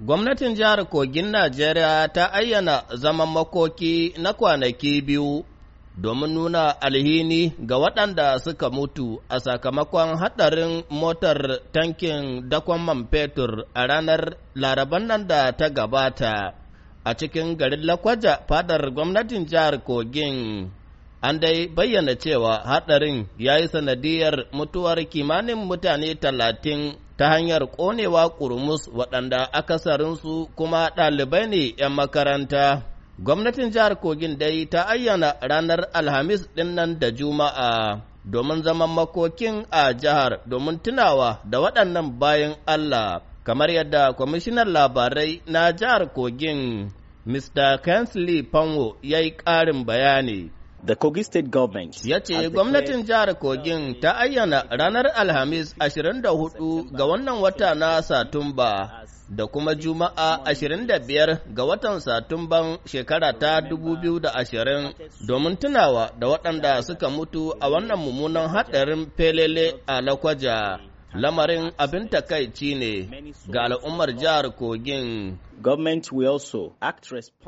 Gwamnatin jihar Kogin Najeriya ta ayyana zaman makoki na kwanaki biyu domin nuna alhini ga waɗanda suka mutu a sakamakon haɗarin motar tankin dakon man fetur a ranar laraban nan da ta gabata a cikin garin Lakwaja fadar gwamnatin jihar Kogin. An dai bayyana cewa haɗarin ya yi sanadiyar mutuwar kimanin mutane talatin ta hanyar ƙonewa ƙurmus waɗanda akasarinsu kuma ɗalibai ne ‘yan makaranta. Gwamnatin jihar Kogin dai ta ayyana ranar Alhamis ɗinnan da Juma'a domin zaman makokin a jihar domin tunawa da waɗannan bayan Allah, kamar yadda kwamishinan labarai na jihar Kogin Mr. Kensley Pango ya yi ƙarin bayani. The Kogi State government ya ce gwamnatin jihar Kogin ta ayyana ranar Alhamis 24 ga wannan wata na Satumba da kuma Juma'a 25 ga watan Satumban shekara ta 2020 domin tunawa da waɗanda suka mutu a wannan mummunan haɗarin felele a Lakwaja. Lamarin abin takaici ne ga al'ummar jihar Kogin.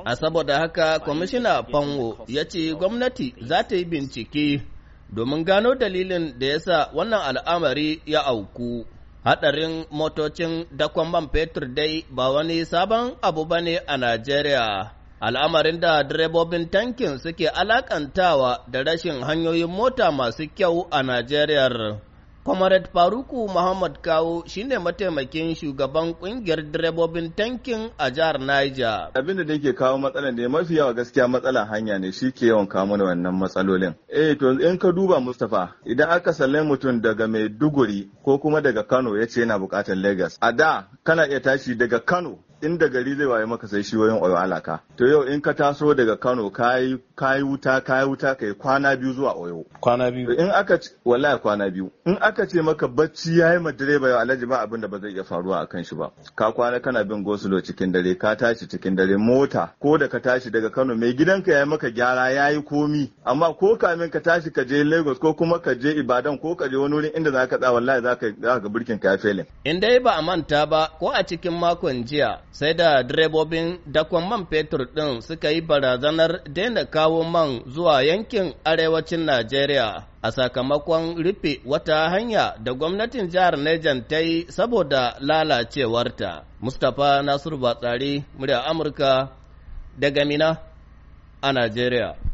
A saboda haka, Kwamishina Fanwo ya ce gwamnati za ta yi bincike domin gano dalilin da ya sa wannan al'amari ya auku. Haɗarin motocin dakon man fetur dai ba wani sabon abu ba ne a Najeriya. Al'amarin da direbobin tankin suke alakantawa da rashin hanyoyin mota masu kyau a Najeriya. Comrade Faruku Muhammad Kawo shine mataimakin shugaban kungiyar direbobin tankin a jihar Niger. Abin da yake kawo matsala ne mafi yawa gaskiya matsalar hanya ne shi ke yawan kawo mana wannan matsalolin. Eh to in ka duba Mustapha idan aka salle mutum daga Maiduguri ko kuma daga Kano ya ce yana bukatar Lagos. A da kana iya tashi daga Kano In da gari zai waye maka sai wayan oyo alaka to yau in ka taso daga Kano kai kai wuta kai wuta kai kwana biyu zuwa oyo kwana biyu in aka wallahi kwana biyu in aka ce maka bacci yayi ma direba yau alhaji ba abinda ba zai iya faruwa akan shi ba ka kwana kana bin gosulo cikin dare ka tashi cikin dare mota ko da ka tashi daga Kano mai gidanka yayi maka gyara yayi komi amma ko kamin ka tashi ka je Lagos ko kuma ka je Ibadan ko ka je wani wurin inda zaka tsaya wallahi zaka zaka burkin ka ya felin in dai ba a manta ba ko a cikin makon jiya sai da direbobin dakon man fetur ɗin suka yi barazanar daina kawo man zuwa yankin arewacin Najeriya a sakamakon rufe wata hanya da gwamnatin jihar Nejan ta yi saboda lalacewarta. Mustapha Nasiru Batsari, murya Amurka, daga Mina a Najeriya.